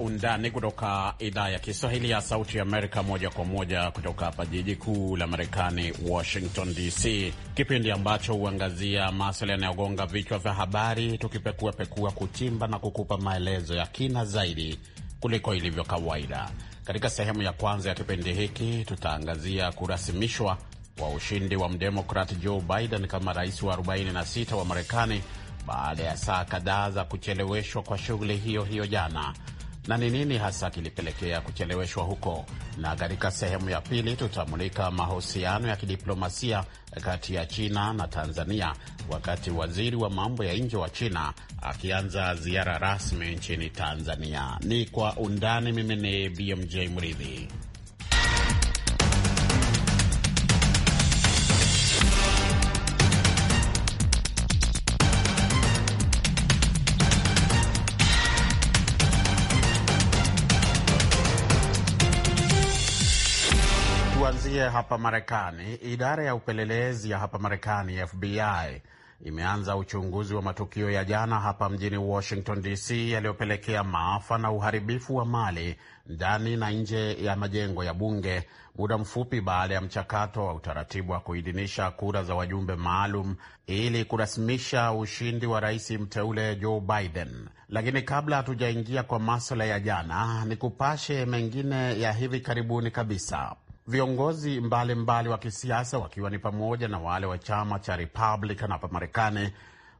undani kutoka idhaa ya Kiswahili ya Sauti ya Amerika, moja kwa moja kutoka hapa jiji kuu la Marekani, Washington DC, kipindi ambacho huangazia maswala yanayogonga vichwa vya habari, tukipekuapekua, kuchimba na kukupa maelezo ya kina zaidi kuliko ilivyo kawaida. Katika sehemu ya kwanza ya kipindi hiki tutaangazia kurasimishwa kwa ushindi wa mdemokrat Joe Biden kama rais wa 46 wa Marekani baada ya saa kadhaa za kucheleweshwa kwa shughuli hiyo hiyo jana, na ni nini hasa kilipelekea kucheleweshwa huko, na katika sehemu ya pili tutamulika mahusiano ya kidiplomasia kati ya China na Tanzania, wakati waziri wa mambo ya nje wa China akianza ziara rasmi nchini Tanzania. Ni kwa undani. Mimi ni BMJ Mridhi. Tuanzie hapa Marekani. Idara ya upelelezi ya hapa Marekani, FBI, imeanza uchunguzi wa matukio ya jana hapa mjini Washington DC yaliyopelekea maafa na uharibifu wa mali ndani na nje ya majengo ya bunge muda mfupi baada ya mchakato wa utaratibu wa kuidhinisha kura za wajumbe maalum ili kurasimisha ushindi wa rais mteule Joe Biden. Lakini kabla hatujaingia kwa maswala ya jana, ni kupashe mengine ya hivi karibuni kabisa. Viongozi mbalimbali wa kisiasa wakiwa ni pamoja na wale wa chama cha Republican hapa Marekani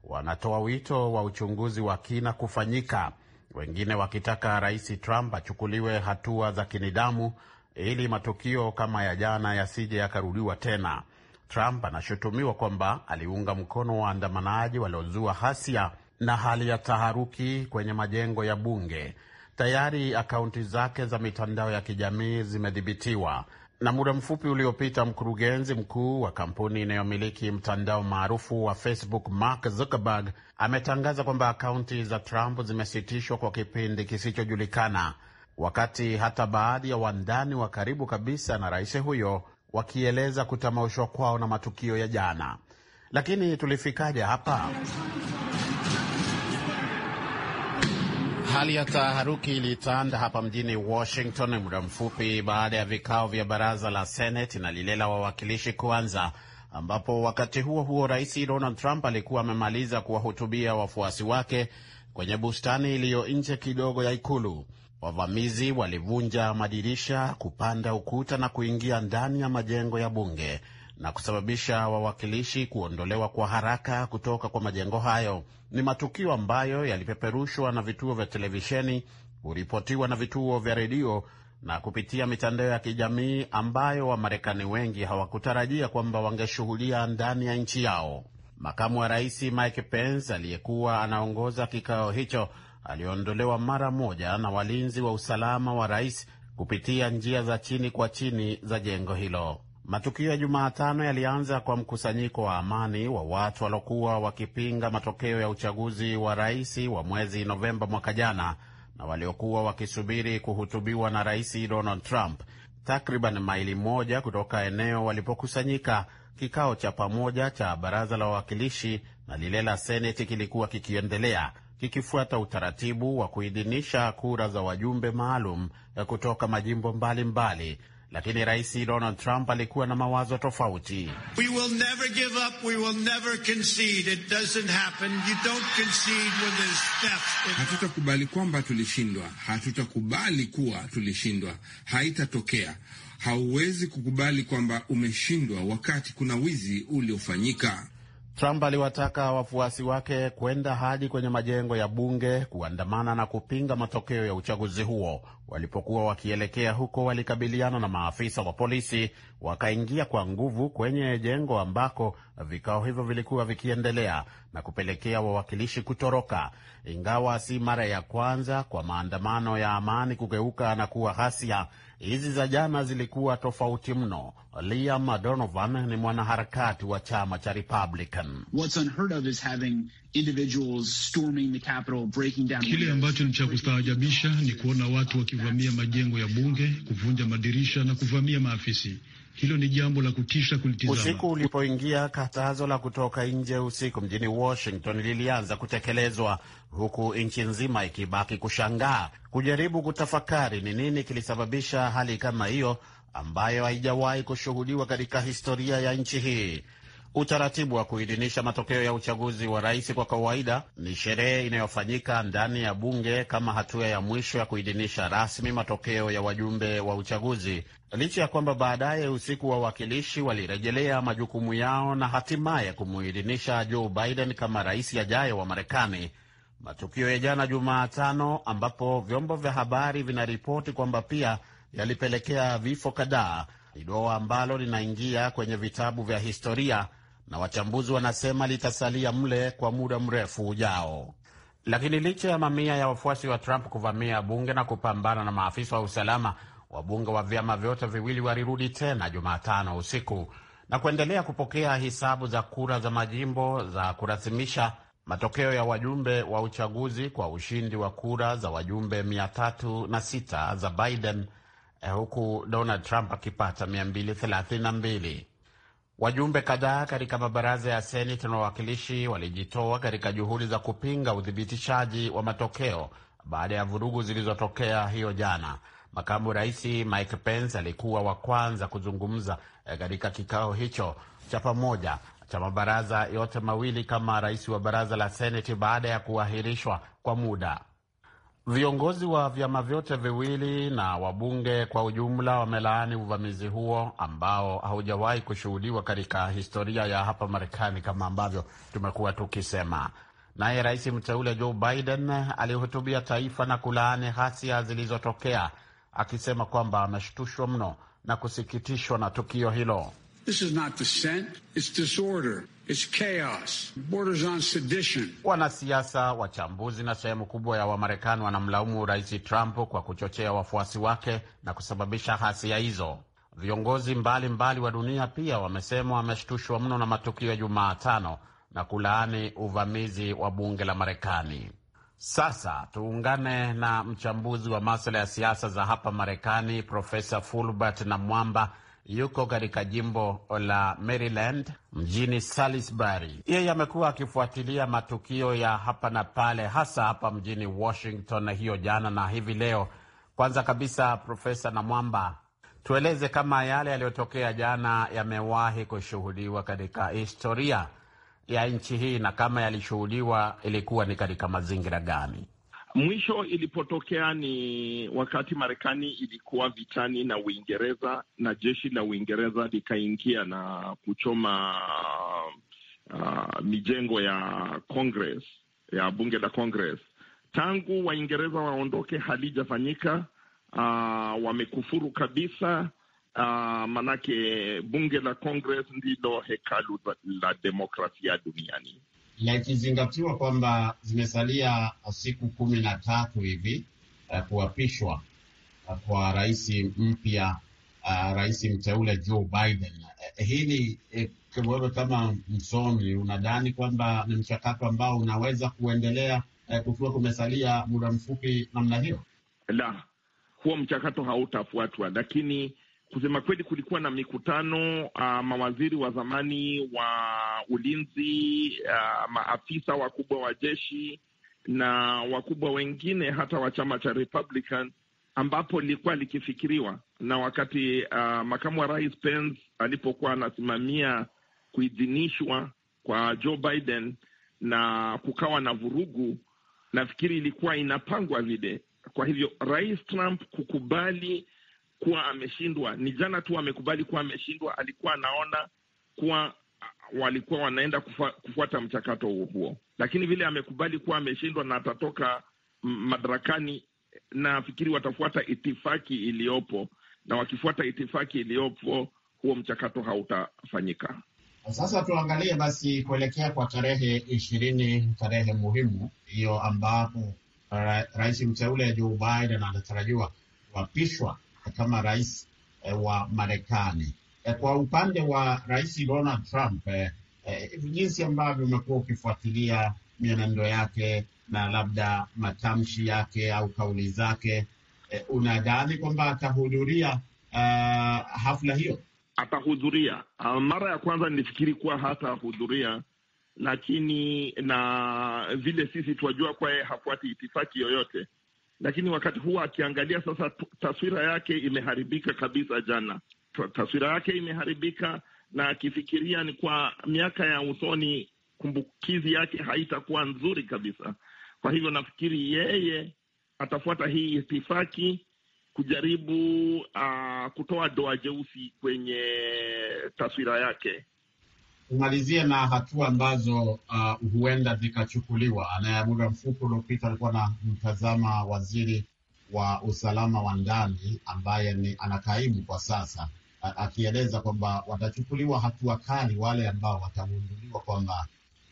wanatoa wito wa uchunguzi wa kina kufanyika, wengine wakitaka Rais Trump achukuliwe hatua za kinidamu ili matukio kama ya jana yasije yakarudiwa tena. Trump anashutumiwa kwamba aliunga mkono waandamanaji waliozua hasia na hali ya taharuki kwenye majengo ya bunge. Tayari akaunti zake za mitandao ya kijamii zimedhibitiwa. Na muda mfupi uliopita mkurugenzi mkuu wa kampuni inayomiliki mtandao maarufu wa Facebook Mark Zuckerberg ametangaza kwamba akaunti za Trump zimesitishwa kwa kipindi kisichojulikana, wakati hata baadhi ya wandani wa karibu kabisa na rais huyo wakieleza kutamaushwa kwao na matukio ya jana. Lakini tulifikaje hapa? Hali ya taharuki ilitanda hapa mjini Washington muda mfupi baada ya vikao vya baraza la Seneti na lile la wawakilishi kuanza, ambapo wakati huo huo Rais Donald Trump alikuwa amemaliza kuwahutubia wafuasi wake kwenye bustani iliyo nje kidogo ya Ikulu. Wavamizi walivunja madirisha, kupanda ukuta na kuingia ndani ya majengo ya bunge na kusababisha wawakilishi kuondolewa kwa haraka kutoka kwa majengo hayo. Ni matukio ambayo yalipeperushwa na vituo vya televisheni, kuripotiwa na vituo vya redio na kupitia mitandao ya kijamii ambayo Wamarekani wengi hawakutarajia kwamba wangeshuhudia ndani ya nchi yao. Makamu wa rais Mike Pence aliyekuwa anaongoza kikao hicho aliondolewa mara moja na walinzi wa usalama wa rais kupitia njia za chini kwa chini za jengo hilo. Matukio ya Jumatano yalianza kwa mkusanyiko wa amani wa watu waliokuwa wakipinga matokeo ya uchaguzi wa rais wa mwezi Novemba mwaka jana na waliokuwa wakisubiri kuhutubiwa na Rais Donald Trump takriban maili moja kutoka eneo walipokusanyika. Kikao cha pamoja cha baraza la wawakilishi na lile la seneti kilikuwa kikiendelea kikifuata utaratibu wa kuidhinisha kura za wajumbe maalum kutoka majimbo mbalimbali mbali, lakini Rais Donald Trump alikuwa na mawazo tofauti. Hatutakubali kwamba tulishindwa, hatutakubali kuwa tulishindwa, haitatokea. Hauwezi kukubali kwamba umeshindwa wakati kuna wizi uliofanyika. Trump aliwataka wafuasi wake kwenda hadi kwenye majengo ya bunge kuandamana na kupinga matokeo ya uchaguzi huo. Walipokuwa wakielekea huko, walikabiliana na maafisa wa polisi, wakaingia kwa nguvu kwenye jengo ambako vikao hivyo vilikuwa vikiendelea na kupelekea wawakilishi kutoroka. Ingawa si mara ya kwanza kwa maandamano ya amani kugeuka na kuwa ghasia, Hizi za jana zilikuwa tofauti mno. Liam Donovan ni mwanaharakati wa chama cha Republican. Kile ambacho ni cha kustaajabisha ni kuona watu wakivamia majengo ya bunge, kuvunja madirisha na kuvamia maafisi hilo ni jambo la kutisha kulitizama. Usiku ulipoingia, katazo la kutoka nje usiku mjini Washington lilianza kutekelezwa huku nchi nzima ikibaki kushangaa, kujaribu kutafakari ni nini kilisababisha hali kama hiyo ambayo haijawahi kushuhudiwa katika historia ya nchi hii. Utaratibu wa kuidhinisha matokeo ya uchaguzi wa rais kwa kawaida ni sherehe inayofanyika ndani ya bunge kama hatua ya mwisho ya kuidhinisha rasmi matokeo ya wajumbe wa uchaguzi, licha ya kwamba baadaye usiku wa wawakilishi walirejelea majukumu yao na hatimaye kumuidhinisha Joe Biden kama rais ajaye wa Marekani. Matukio ya jana Jumatano, ambapo vyombo vya habari vinaripoti kwamba pia yalipelekea vifo kadhaa, ni doa ambalo linaingia kwenye vitabu vya historia na wachambuzi wanasema litasalia mle kwa muda mrefu ujao. Lakini licha ya mamia ya wafuasi wa Trump kuvamia bunge na kupambana na maafisa wa usalama, wabunge wa vyama vyote viwili walirudi tena Jumatano usiku na kuendelea kupokea hisabu za kura za majimbo za kurasimisha matokeo ya wajumbe wa uchaguzi kwa ushindi wa kura za wajumbe 306 za Biden, eh, huku Donald Trump akipata 232. Wajumbe kadhaa katika mabaraza ya seneti na wawakilishi walijitoa katika juhudi za kupinga uthibitishaji wa matokeo baada ya vurugu zilizotokea hiyo jana. Makamu rais Mike Pence alikuwa wa kwanza kuzungumza eh, katika kikao hicho cha pamoja cha mabaraza yote mawili kama rais wa baraza la seneti baada ya kuahirishwa kwa muda. Viongozi wa vyama vyote viwili na wabunge kwa ujumla wamelaani uvamizi huo ambao haujawahi kushuhudiwa katika historia ya hapa Marekani, kama ambavyo tumekuwa tukisema. Naye rais mteule Joe Biden alihutubia taifa na kulaani ghasia zilizotokea, akisema kwamba ameshtushwa mno na kusikitishwa na tukio hilo. Wanasiasa, wachambuzi na sehemu kubwa ya Wamarekani wanamlaumu Rais Trump kwa kuchochea wafuasi wake na kusababisha hasia hizo. Viongozi mbalimbali mbali wa dunia pia wamesema wameshtushwa mno na matukio ya Jumatano na kulaani uvamizi wa bunge la Marekani. Sasa tuungane na mchambuzi wa masuala ya siasa za hapa Marekani, Profesa Fulbert na Mwamba yuko katika jimbo la Maryland mjini Salisbury. Yeye amekuwa akifuatilia matukio ya hapa na pale, hasa hapa mjini Washington hiyo jana na hivi leo. Kwanza kabisa, Profesa Namwamba, tueleze kama yale yaliyotokea jana yamewahi kushuhudiwa katika historia ya nchi hii, na kama yalishuhudiwa ilikuwa ni katika mazingira gani? Mwisho ilipotokea ni wakati Marekani ilikuwa vitani na Uingereza na jeshi la Uingereza likaingia na kuchoma uh, mijengo ya Congress, ya bunge la Congress. Tangu Waingereza waondoke halijafanyika. Uh, wamekufuru kabisa. Uh, manake bunge la Congress ndilo hekalu la demokrasia duniani na ikizingatiwa kwamba zimesalia siku kumi na tatu hivi uh, kuapishwa uh, kwa rais mpya uh, rais mteule Joe Biden uh, hii ni uh, wewe kama msomi unadhani kwamba ni mchakato ambao unaweza kuendelea uh, kukiwa kumesalia muda mfupi namna hiyo? La, huo mchakato hautafuatwa, lakini Kusema kweli, kulikuwa na mikutano uh, mawaziri wa zamani wa ulinzi uh, maafisa wakubwa wa jeshi na wakubwa wengine hata wa chama cha Republican, ambapo lilikuwa likifikiriwa na wakati uh, makamu wa rais Pence alipokuwa anasimamia kuidhinishwa kwa Joe Biden na kukawa na vurugu, nafikiri ilikuwa inapangwa vile. Kwa hivyo rais Trump kukubali kuwa ameshindwa. Ni jana tu amekubali kuwa ameshindwa, alikuwa anaona kuwa walikuwa wanaenda kufa, kufuata mchakato huo huo, lakini vile amekubali kuwa ameshindwa na atatoka madarakani, nafikiri watafuata itifaki iliyopo, na wakifuata itifaki iliyopo huo mchakato hautafanyika. Sasa tuangalie basi kuelekea kwa tarehe ishirini, tarehe muhimu hiyo ambapo ra rais mteule Joe Biden anatarajiwa kuapishwa kama rais eh, wa Marekani. Eh, kwa upande wa rais Donald Trump eh, eh, jinsi ambavyo umekuwa ukifuatilia mienendo yake na labda matamshi yake au kauli zake eh, unadhani kwamba atahudhuria uh, hafla hiyo? Atahudhuria. Ah, mara ya kwanza nilifikiri kuwa hatahudhuria, lakini na vile sisi tuwajua kwaye hafuati itifaki yoyote lakini wakati huo akiangalia sasa, taswira yake imeharibika kabisa. Jana taswira yake imeharibika, na akifikiria ni kwa miaka ya usoni, kumbukizi yake haitakuwa nzuri kabisa. Kwa hivyo nafikiri yeye atafuata hii itifaki kujaribu uh, kutoa doa jeusi kwenye taswira yake Tumalizie na hatua ambazo uh, huenda zikachukuliwa. Anaye muda mfupi uliopita alikuwa na mtazama waziri wa usalama wa ndani ambaye ni anakaimu kwa sasa, akieleza kwamba watachukuliwa hatua kali wale ambao watagunduliwa kwamba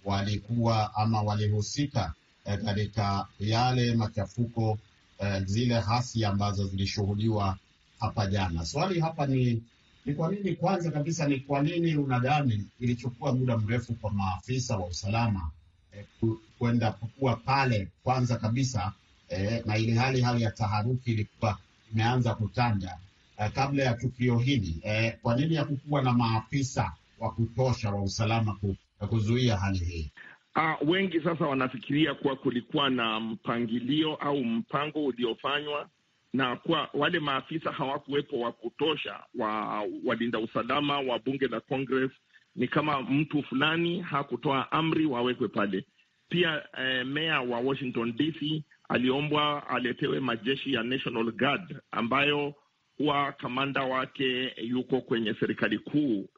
walikuwa ama walihusika e, katika eh, yale machafuko eh, zile hasi ambazo zilishuhudiwa hapa jana. Swali hapa ni ni kwa nini, kwanza kabisa, ni kwa nini unadhani ilichukua muda mrefu kwa maafisa wa usalama eh, kwenda kuwa pale kwanza kabisa eh, na ili hali hali ya taharuki ilikuwa imeanza kutanda eh, kabla ya tukio hili eh, kwa nini hakukuwa na maafisa wa kutosha wa usalama kuzuia hali hii? Uh, wengi sasa wanafikiria kuwa kulikuwa na mpangilio au mpango uliofanywa na kwa wale maafisa hawakuwepo wa kutosha wa walinda usalama wa bunge la Congress. Ni kama mtu fulani hakutoa amri wawekwe pale. Pia eh, meya wa Washington DC aliombwa aletewe majeshi ya National Guard ambayo huwa kamanda wake yuko kwenye serikali kuu,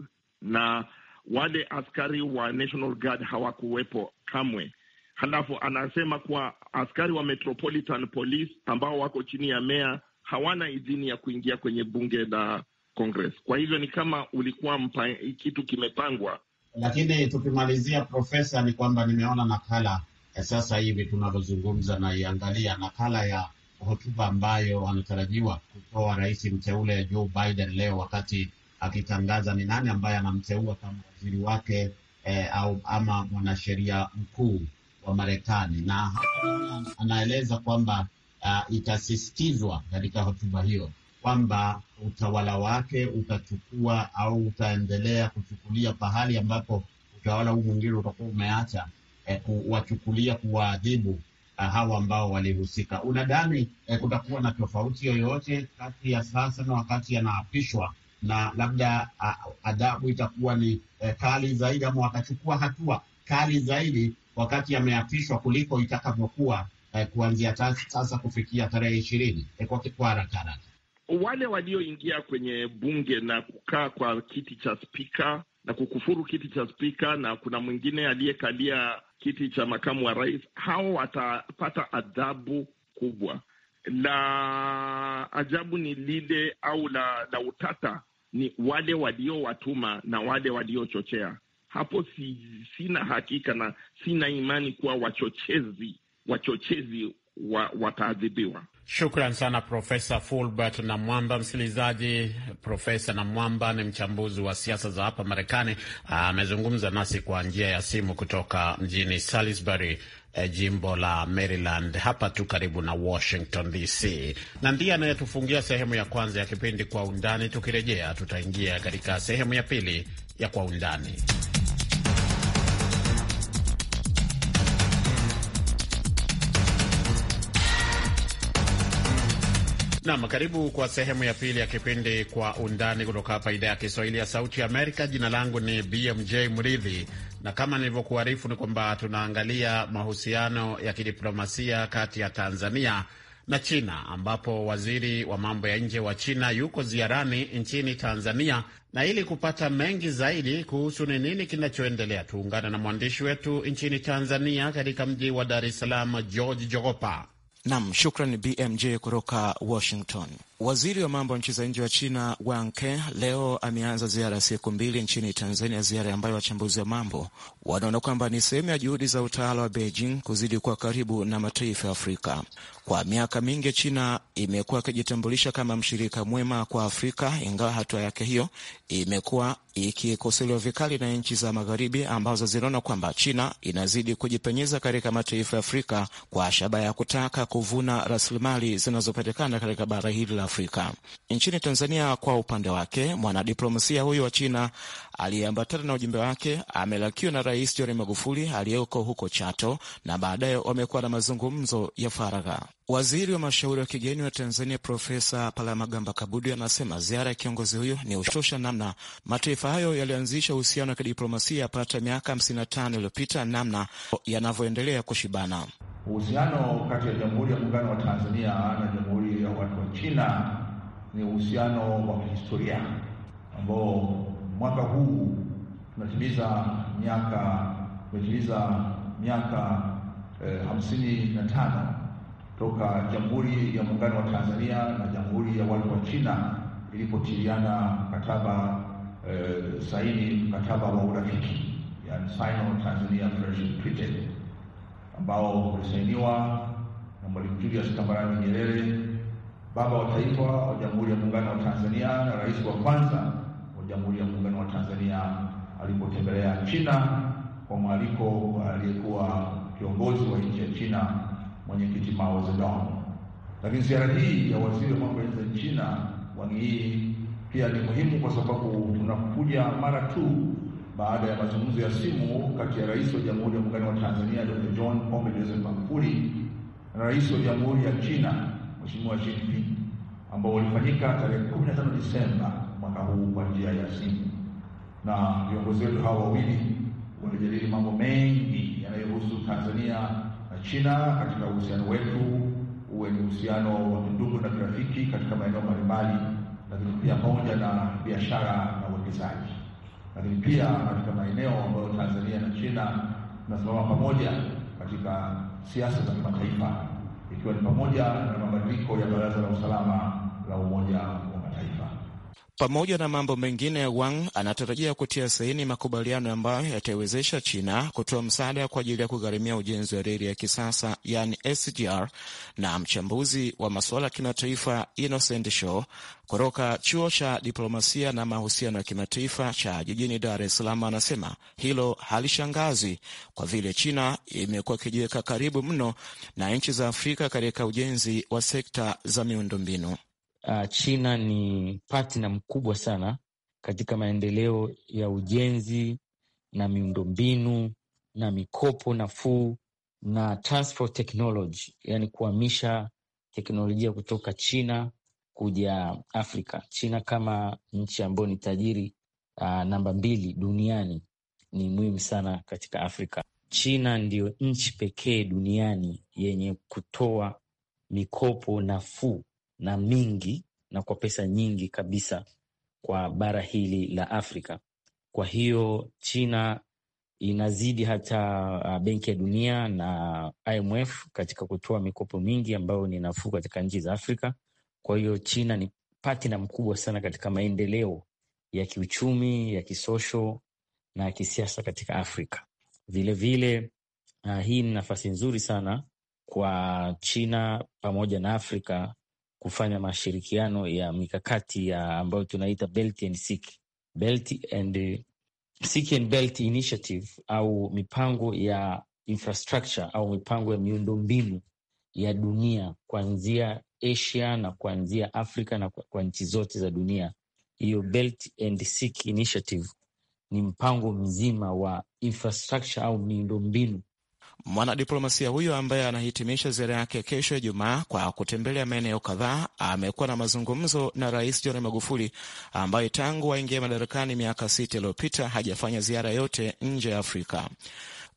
na wale askari wa National Guard hawakuwepo kamwe. Halafu anasema kuwa askari wa Metropolitan Police ambao wako chini ya meya hawana idhini ya kuingia kwenye bunge la Congress. Kwa hivyo ni kama ulikuwa mpa, kitu kimepangwa. Lakini tukimalizia, Profesa, ni kwamba nimeona nakala ya sasa hivi tunavyozungumza, naiangalia nakala ya hotuba ambayo anatarajiwa kutoa rais mteule Joe Biden leo wakati akitangaza ni nani ambaye anamteua kama waziri wake eh, au ama mwanasheria mkuu wa Marekani, na anaeleza kwamba uh, itasisitizwa katika hotuba hiyo kwamba utawala wake utachukua au utaendelea kuchukulia pahali ambapo utawala huu mwingine utakuwa umeacha, eh, kuwachukulia, kuwaadhibu uh, hawa ambao walihusika. Unadhani eh, kutakuwa na tofauti yoyote kati ya sasa na wakati yanaapishwa na labda uh, adhabu itakuwa ni eh, kali zaidi ama watachukua hatua kali zaidi wakati ameapishwa kuliko itakavyokuwa eh, kuanzia sasa kufikia tarehe ishirini eh, kwa haraka haraka wale walioingia kwenye bunge na kukaa kwa kiti cha spika na kukufuru kiti cha spika na kuna mwingine aliyekalia kiti cha makamu wa rais, hao watapata adhabu kubwa. La ajabu ni lile au la, la utata ni wale waliowatuma na wale waliochochea hapo si, sina hakika na sina imani kuwa wachochezi wachochezi wa, wataadhibiwa. Shukran sana Profesa Fulbert Namwamba. Msikilizaji, Profesa Namwamba ni mchambuzi wa siasa za hapa Marekani, amezungumza nasi kwa njia ya simu kutoka mjini Salisbury, E, jimbo la Maryland, hapa tu karibu na Washington DC, na ndiye anayetufungia sehemu ya kwanza ya kipindi Kwa Undani. Tukirejea tutaingia katika sehemu ya pili ya Kwa Undani. Nam, karibu kwa sehemu ya pili ya kipindi Kwa Undani kutoka hapa idhaa ya Kiswahili ya Sauti ya Amerika. Jina langu ni BMJ Mridhi, na kama nilivyokuarifu ni kwamba tunaangalia mahusiano ya kidiplomasia kati ya Tanzania na China, ambapo waziri wa mambo ya nje wa China yuko ziarani nchini Tanzania. Na ili kupata mengi zaidi kuhusu ni nini kinachoendelea, tuungane na mwandishi wetu nchini Tanzania, katika mji wa Dar es Salaam, George Jogopa. Nam, shukran BMJ kutoka Washington. Waziri wa mambo ya nchi za nje wa China Wang Ke leo ameanza ziara ya siku mbili nchini Tanzania, ziara ambayo wachambuzi wa mambo wanaona kwamba ni sehemu ya juhudi za utawala wa Beijing kuzidi kuwa karibu na mataifa ya Afrika. Kwa miaka mingi, China imekuwa ikijitambulisha kama mshirika mwema kwa Afrika, ingawa hatua yake hiyo imekuwa ikikosolewa vikali na nchi za Magharibi ambazo zinaona kwamba China inazidi kujipenyeza katika mataifa ya Afrika kwa shabaha ya kutaka kuvuna rasilimali zinazopatikana katika bara hili la Afrika. Nchini Tanzania, kwa upande wake, mwanadiplomasia huyo wa China aliyeambatana na ujumbe wake amelakiwa na Rais John Magufuli aliyeko huko Chato, na baadaye wamekuwa na mazungumzo ya faragha. Waziri wa mashauri wa kigeni wa Tanzania Profesa Palamagamba Kabudi anasema ziara ya kiongozi huyo ni ushosha namna mataifa hayo yalioanzisha uhusiano wa kidiplomasia yapata miaka 55 iliyopita namna yanavyoendelea kushibana. Uhusiano kati ya Jamhuri ya Muungano wa Tanzania na Jamhuri ya Watu wa China ni uhusiano wa kihistoria ambao mwaka huu tunatimiza miaka tumetimiza miaka eh, hamsini na tano toka Jamhuri ya Muungano wa Tanzania na Jamhuri ya Watu wa China ilipotiliana mkataba eh, saini mkataba wa urafiki, yani Sino-Tanzania Friendship Treaty ambao ulisainiwa na Mwalimu Julius Kambarage Nyerere, baba wa taifa wa Jamhuri ya Muungano wa Tanzania na rais wa kwanza wa Jamhuri ya Muungano wa Tanzania alipotembelea China kwa mwaliko wa aliyekuwa kiongozi wa nchi ya China mwenyekiti Mao Zedong. Lakini ziara hii ya waziri wa mambo ya nje China Wang Yi pia ni muhimu kwa sababu tunakuja mara tu baada ya mazungumzo ya simu kati ya Rais wa Jamhuri ya Muungano wa Tanzania Dr. John Pombe Joseph Magufuli na Rais wa Jamhuri ya China Mheshimiwa Xi Jinping ambao ulifanyika tarehe 15 Disemba mwaka huu kwa njia ya simu, na viongozi wetu hawa wawili walijadili mambo mengi yanayohusu Tanzania na China katika uhusiano wetu uwe ni uhusiano wa ndugu na kirafiki katika maeneo mbalimbali, lakini pia pamoja na biashara na uwekezaji lakini pia katika maeneo ambayo Tanzania na China tunasimama pamoja katika siasa za kimataifa, ikiwa ni pamoja na mabadiliko ya Baraza la Usalama la Umoja pamoja na mambo mengine, Wang anatarajia kutia saini makubaliano ambayo yataiwezesha China kutoa msaada kwa ajili ya kugharimia ujenzi wa reli ya kisasa yani SGR. Na mchambuzi wa masuala ya kimataifa Innocent Show kutoka chuo cha diplomasia na mahusiano ya kimataifa cha jijini Dar es Salaam anasema hilo halishangazi kwa vile China imekuwa ikijiweka karibu mno na nchi za Afrika katika ujenzi wa sekta za miundombinu uh, China ni partner mkubwa sana katika maendeleo ya ujenzi na miundombinu na mikopo nafuu na transfer technology, yani kuhamisha teknolojia kutoka China kuja Afrika. China kama nchi ambayo ni tajiri uh, namba mbili duniani ni muhimu sana katika Afrika. China ndiyo nchi pekee duniani yenye kutoa mikopo nafuu na mingi na kwa pesa nyingi kabisa kwa bara hili la Afrika. Kwa hiyo China inazidi hata uh, Benki ya Dunia na IMF katika kutoa mikopo mingi ambayo ni nafuu katika nchi za Afrika. Kwa hiyo China ni patina mkubwa sana katika maendeleo ya kiuchumi, ya kisosho na ya kisiasa katika Afrika vilevile vile. Uh, hii ni nafasi nzuri sana kwa China pamoja na Afrika kufanya mashirikiano ya mikakati ya ambayo tunaita Belt and Seek, Belt and Seek and Belt Initiative au mipango ya infrastructure au mipango ya miundombinu ya dunia kuanzia Asia na kuanzia Afrika na kwa nchi zote za dunia. Hiyo Belt and Seek Initiative ni mpango mzima wa infrastructure au miundombinu Mwanadiplomasia huyo ambaye anahitimisha ziara yake kesho Ijumaa kwa kutembelea maeneo kadhaa amekuwa na mazungumzo na Rais John Magufuli ambaye tangu waingia madarakani miaka sita iliyopita hajafanya ziara yote nje ya Afrika.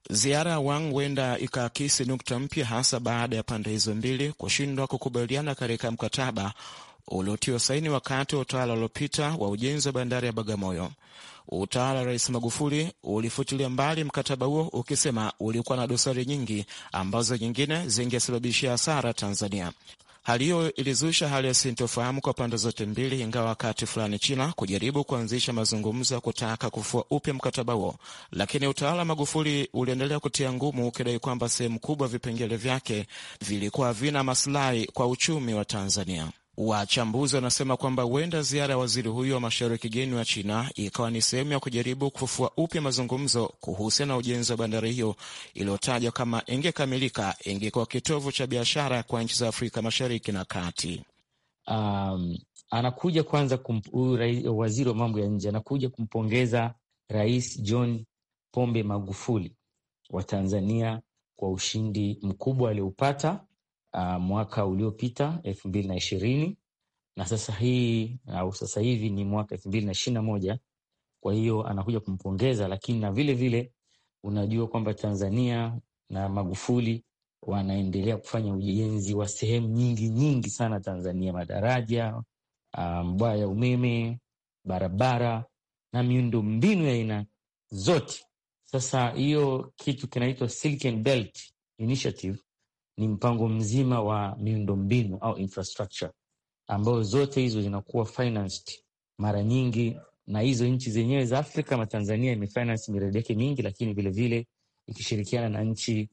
Ziara ya Wang huenda ikaakisi nukta mpya, hasa baada ya pande hizo mbili kushindwa kukubaliana katika mkataba uliotiwa saini wakati wa utawala uliopita wa ujenzi wa bandari ya Bagamoyo. Utawala wa Rais Magufuli ulifutilia mbali mkataba huo ukisema ulikuwa na dosari nyingi ambazo nyingine zingesababishia hasara Tanzania. Hali hiyo ilizusha hali ya sintofahamu kwa pande zote mbili, ingawa wakati fulani China kujaribu kuanzisha mazungumzo ya kutaka kufua upya mkataba huo, lakini utawala wa Magufuli uliendelea kutia ngumu, ukidai kwamba sehemu kubwa vipengele vyake vilikuwa vina masilahi kwa uchumi wa Tanzania. Wachambuzi wanasema kwamba huenda ziara ya waziri huyo wa mashauri ya kigeni wa China ikawa ni sehemu ya kujaribu kufufua upya mazungumzo kuhusiana na ujenzi wa bandari hiyo iliyotajwa kama ingekamilika, ingekuwa kitovu cha biashara kwa nchi za Afrika Mashariki na Kati. Um, anakuja kwanza waziri wa mambo ya nje anakuja kumpongeza Rais John Pombe Magufuli wa Tanzania kwa ushindi mkubwa alioupata uh, mwaka uliopita elfu mbili na ishirini na sasa hii au sasa hivi ni mwaka elfu mbili na ishirini na moja. Kwa hiyo anakuja kumpongeza, lakini na vile vile unajua kwamba Tanzania na Magufuli wanaendelea kufanya ujenzi wa sehemu nyingi nyingi sana Tanzania, madaraja, uh, mbwa ya umeme, barabara na miundo mbinu ya aina zote. Sasa hiyo kitu kinaitwa Silk Belt Initiative ni mpango mzima wa miundombinu au infrastructure, ambayo zote hizo zinakuwa financed mara nyingi na hizo nchi zenyewe za Afrika kama Tanzania imefinance miradi yake mingi, lakini vilevile ikishirikiana na nchi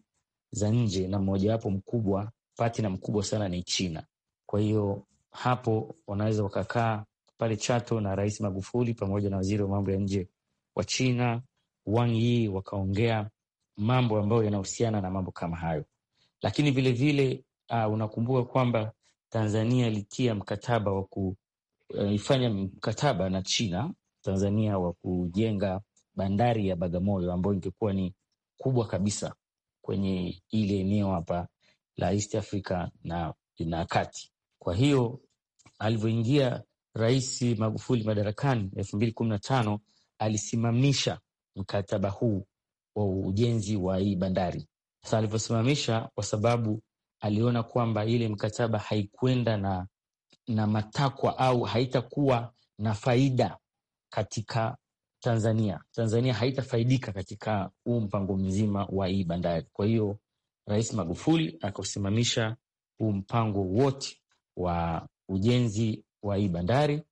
za nje, na mmojawapo mkubwa pati na mkubwa sana ni China. Kwa hiyo hapo wanaweza wakakaa pale Chato na Rais Magufuli pamoja na waziri wa mambo ya nje wa China Wang Yi wakaongea mambo ambayo yanahusiana na mambo kama hayo. Lakini vilevile uh, ah, unakumbuka kwamba Tanzania ilitia mkataba wa kuifanya eh, uh, mkataba na China Tanzania wa kujenga bandari ya Bagamoyo ambayo ingekuwa ni kubwa kabisa kwenye ile eneo hapa la East Africa na, na kati. Kwa hiyo alivyoingia Rais Magufuli madarakani elfu mbili kumi na tano alisimamisha mkataba huu wa ujenzi wa hii bandari sasa alivyosimamisha, kwa sababu aliona kwamba ile mkataba haikwenda na, na matakwa au haitakuwa na faida katika Tanzania. Tanzania haitafaidika katika huu mpango mzima wa hii bandari. Kwa hiyo Rais Magufuli akausimamisha huu mpango wote wa ujenzi wa hii bandari,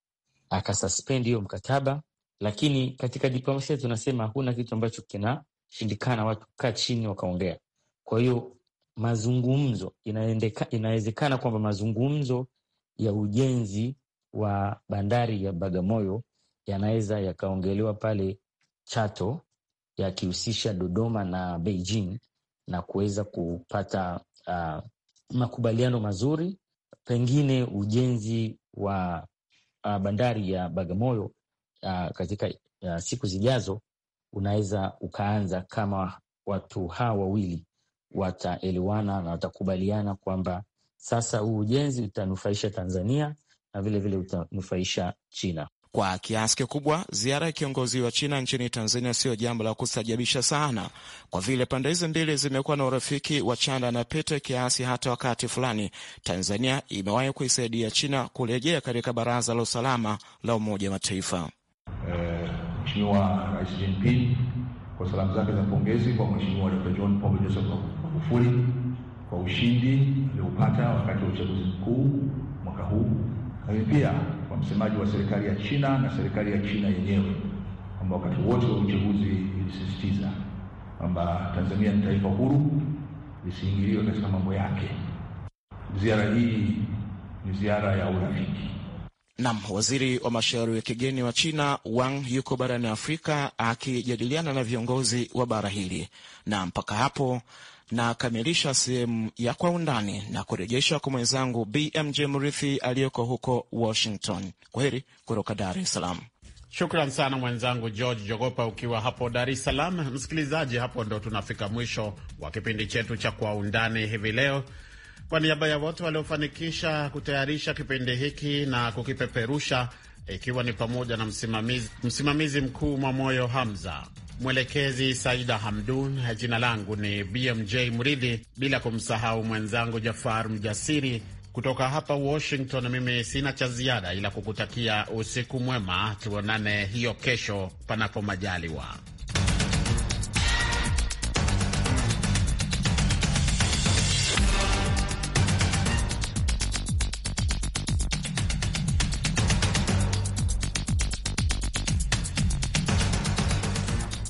akasuspend hiyo mkataba. Lakini katika diplomasia tunasema hakuna kitu ambacho kinashindikana watu kukaa chini wakaongea. Kwa hiyo mazungumzo, inawezekana kwamba mazungumzo ya ujenzi wa bandari ya Bagamoyo yanaweza yakaongelewa pale Chato yakihusisha Dodoma na Beijing na kuweza kupata uh, makubaliano mazuri. Pengine ujenzi wa uh, bandari ya Bagamoyo uh, katika uh, siku zijazo unaweza ukaanza kama watu hawa wawili wataelewana na watakubaliana kwamba sasa huu ujenzi utanufaisha Tanzania na vilevile utanufaisha China. Kwa kiasi kikubwa ziara ya kiongozi wa China nchini Tanzania siyo jambo la kustajabisha sana, kwa vile pande hizi mbili zimekuwa na urafiki wa chanda na pete kiasi hata wakati fulani Tanzania imewahi kuisaidia China kurejea katika Baraza la Usalama la Umoja wa Mataifa. Eh, Mheshimiwa eh, Rais Jinping kwa salamu zake za pongezi kwa Mheshimiwa Dr. John Pombe Joseph Magufuli kwa ushindi alioupata wakati wa uchaguzi mkuu mwaka huu, lakini pia kwa msemaji wa serikali ya China na serikali ya China yenyewe kwamba wakati wote wa uchaguzi ilisisitiza kwamba Tanzania ni taifa huru lisiingiliwe katika mambo yake. Ziara hii ni ziara ya urafiki. Nam waziri wa mashauri ya kigeni wa China Wang yuko barani Afrika akijadiliana na viongozi wa bara hili, na mpaka hapo nakamilisha sehemu ya Kwa Undani na kurejesha kwa mwenzangu BMJ Murithi aliyoko huko Washington. Kwa heri kutoka Dar es Salaam. Shukran sana mwenzangu George Jogopa, ukiwa hapo Dar es Salaam. Msikilizaji, hapo ndo tunafika mwisho wa kipindi chetu cha Kwa Undani hivi leo. Kwa niaba ya wote waliofanikisha kutayarisha kipindi hiki na kukipeperusha, ikiwa ni pamoja na msimamizi, msimamizi mkuu Mwamoyo Hamza, mwelekezi Saida Hamdun. Jina langu ni BMJ Mridhi, bila kumsahau mwenzangu Jafar Mjasiri kutoka hapa Washington. Mimi sina cha ziada ila kukutakia usiku mwema, tuonane hiyo kesho, panapo majaliwa.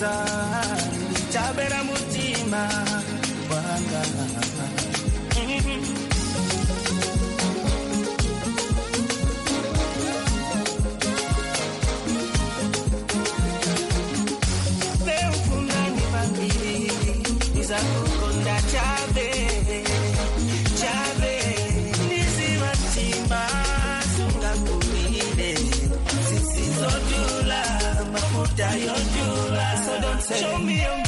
basa chabera mutima wanga Show me